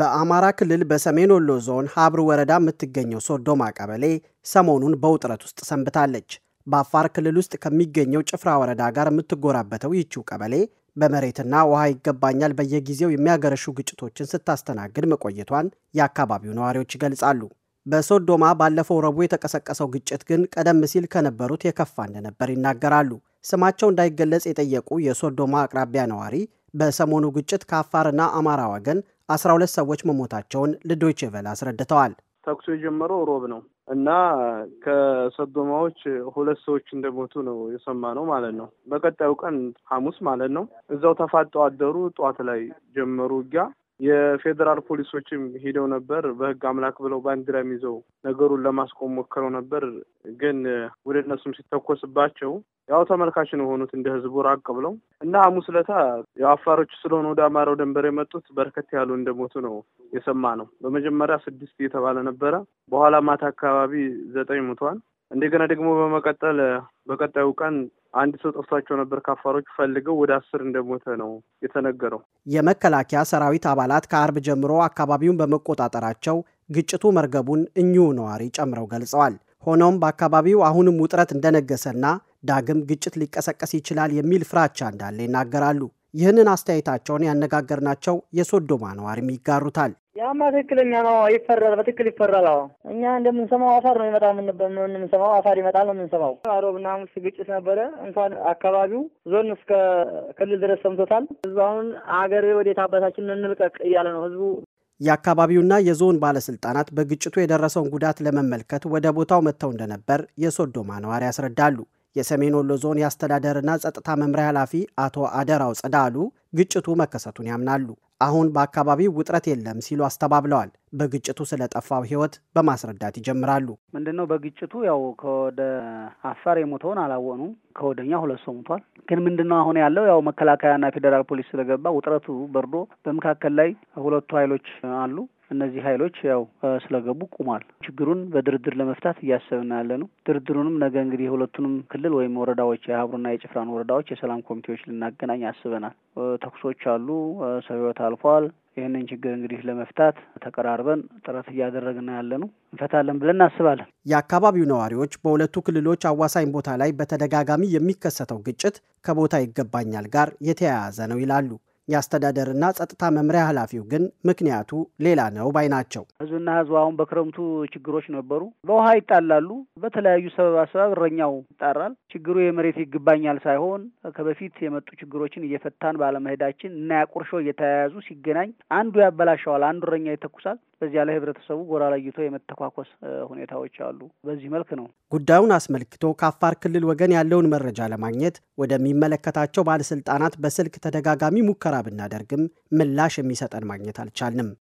በአማራ ክልል በሰሜን ወሎ ዞን ሀብር ወረዳ የምትገኘው ሶዶማ ቀበሌ ሰሞኑን በውጥረት ውስጥ ሰንብታለች። በአፋር ክልል ውስጥ ከሚገኘው ጭፍራ ወረዳ ጋር የምትጎራበተው ይቺው ቀበሌ በመሬትና ውሃ ይገባኛል በየጊዜው የሚያገረሹ ግጭቶችን ስታስተናግድ መቆየቷን የአካባቢው ነዋሪዎች ይገልጻሉ። በሶዶማ ባለፈው ረቡዕ የተቀሰቀሰው ግጭት ግን ቀደም ሲል ከነበሩት የከፋ እንደነበር ይናገራሉ። ስማቸው እንዳይገለጽ የጠየቁ የሶዶማ አቅራቢያ ነዋሪ በሰሞኑ ግጭት ከአፋርና አማራ ወገን አስራ ሁለት ሰዎች መሞታቸውን ልዶች ቨል አስረድተዋል። ተኩሱ የጀመረው ሮብ ነው እና ከሰዶማዎች ሁለት ሰዎች እንደሞቱ ነው የሰማ ነው ማለት ነው። በቀጣዩ ቀን ሐሙስ ማለት ነው እዛው ተፋጠው አደሩ። ጠዋት ላይ ጀመሩ ውጊያ። የፌዴራል ፖሊሶችም ሂደው ነበር። በህግ አምላክ ብለው ባንዲራም ይዘው ነገሩን ለማስቆም ሞክረው ነበር፣ ግን ወደ እነሱም ሲተኮስባቸው ያው ተመልካች ነው የሆኑት እንደ ህዝቡ ራቅ ብለው እና ሐሙስ ዕለት የአፋሮች ስለሆነ ወደ አማራው ደንበር የመጡት በርከት ያሉ እንደሞቱ ነው የሰማ ነው። በመጀመሪያ ስድስት እየተባለ ነበረ። በኋላ ማታ አካባቢ ዘጠኝ ሙቷል። እንደገና ደግሞ በመቀጠል በቀጣዩ ቀን አንድ ሰው ጠፍቷቸው ነበር ከአፋሮች ፈልገው ወደ አስር እንደሞተ ነው የተነገረው። የመከላከያ ሰራዊት አባላት ከአርብ ጀምሮ አካባቢውን በመቆጣጠራቸው ግጭቱ መርገቡን እኚሁ ነዋሪ ጨምረው ገልጸዋል። ሆኖም በአካባቢው አሁንም ውጥረት እንደነገሰና ዳግም ግጭት ሊቀሰቀስ ይችላል የሚል ፍራቻ እንዳለ ይናገራሉ። ይህንን አስተያየታቸውን ያነጋገርናቸው የሶዶማ ነዋሪም ይጋሩታል። ያማ ትክክለኛ ነው። ይፈራል፣ በትክክል ይፈራል። አዎ እኛ እንደምንሰማው አፋር ነው ይመጣል፣ የምንሰማው አፋር ይመጣል ነው የምንሰማው። ሮብና ሐሙስ ግጭት ነበረ። እንኳን አካባቢው ዞን እስከ ክልል ድረስ ሰምቶታል። ህዝቡ አሁን አገር ወዴት አባታችን እንልቀቅ እያለ ነው ህዝቡ የአካባቢውና የዞን ባለስልጣናት በግጭቱ የደረሰውን ጉዳት ለመመልከት ወደ ቦታው መጥተው እንደነበር የሶዶማ ነዋሪ ያስረዳሉ። የሰሜን ወሎ ዞን የአስተዳደርና ጸጥታ መምሪያ ኃላፊ አቶ አደራው ጽዳሉ ግጭቱ መከሰቱን ያምናሉ። አሁን በአካባቢው ውጥረት የለም ሲሉ አስተባብለዋል። በግጭቱ ስለጠፋው ህይወት በማስረዳት ይጀምራሉ። ምንድን ነው በግጭቱ ያው ከወደ አፋር የሞተውን አላወኑ ከወደኛ ሁለት ሰው ሞቷል። ግን ምንድን ነው አሁን ያለው ያው መከላከያና ፌዴራል ፖሊስ ስለገባ ውጥረቱ በርዶ በመካከል ላይ ሁለቱ ኃይሎች አሉ። እነዚህ ኃይሎች ያው ስለገቡ ቁሟል። ችግሩን በድርድር ለመፍታት እያሰብን ያለ ነው። ድርድሩንም ነገ እንግዲህ የሁለቱንም ክልል ወይም ወረዳዎች የሀብሩና የጭፍራን ወረዳዎች የሰላም ኮሚቴዎች ልናገናኝ አስበናል። ተኩሶች አሉ፣ ሰው ህይወት አልፏል። ይህንን ችግር እንግዲህ ለመፍታት ተቀራርበን ጥረት እያደረግን ያለ ነው። እንፈታለን ብለን እናስባለን። የአካባቢው ነዋሪዎች በሁለቱ ክልሎች አዋሳኝ ቦታ ላይ በተደጋጋሚ የሚከሰተው ግጭት ከቦታ ይገባኛል ጋር የተያያዘ ነው ይላሉ። የአስተዳደርና ጸጥታ መምሪያ ኃላፊው ግን ምክንያቱ ሌላ ነው ባይ ናቸው። ህዝብና ህዝብ አሁን በክረምቱ ችግሮች ነበሩ። በውሃ ይጣላሉ። በተለያዩ ሰበብ አሰባብ እረኛው ይጣራል። ችግሩ የመሬት ይገባኛል ሳይሆን ከበፊት የመጡ ችግሮችን እየፈታን ባለመሄዳችን እና ያቁርሾ እየተያያዙ ሲገናኝ አንዱ ያበላሸዋል፣ አንዱ እረኛ ይተኩሳል። በዚያ ላይ ህብረተሰቡ ጎራ ለይቶ የመተኳኮስ ሁኔታዎች አሉ። በዚህ መልክ ነው ጉዳዩን አስመልክቶ ከአፋር ክልል ወገን ያለውን መረጃ ለማግኘት ወደሚመለከታቸው ባለስልጣናት በስልክ ተደጋጋሚ ሙከራ ሙከራ ብናደርግም ምላሽ የሚሰጠን ማግኘት አልቻልንም።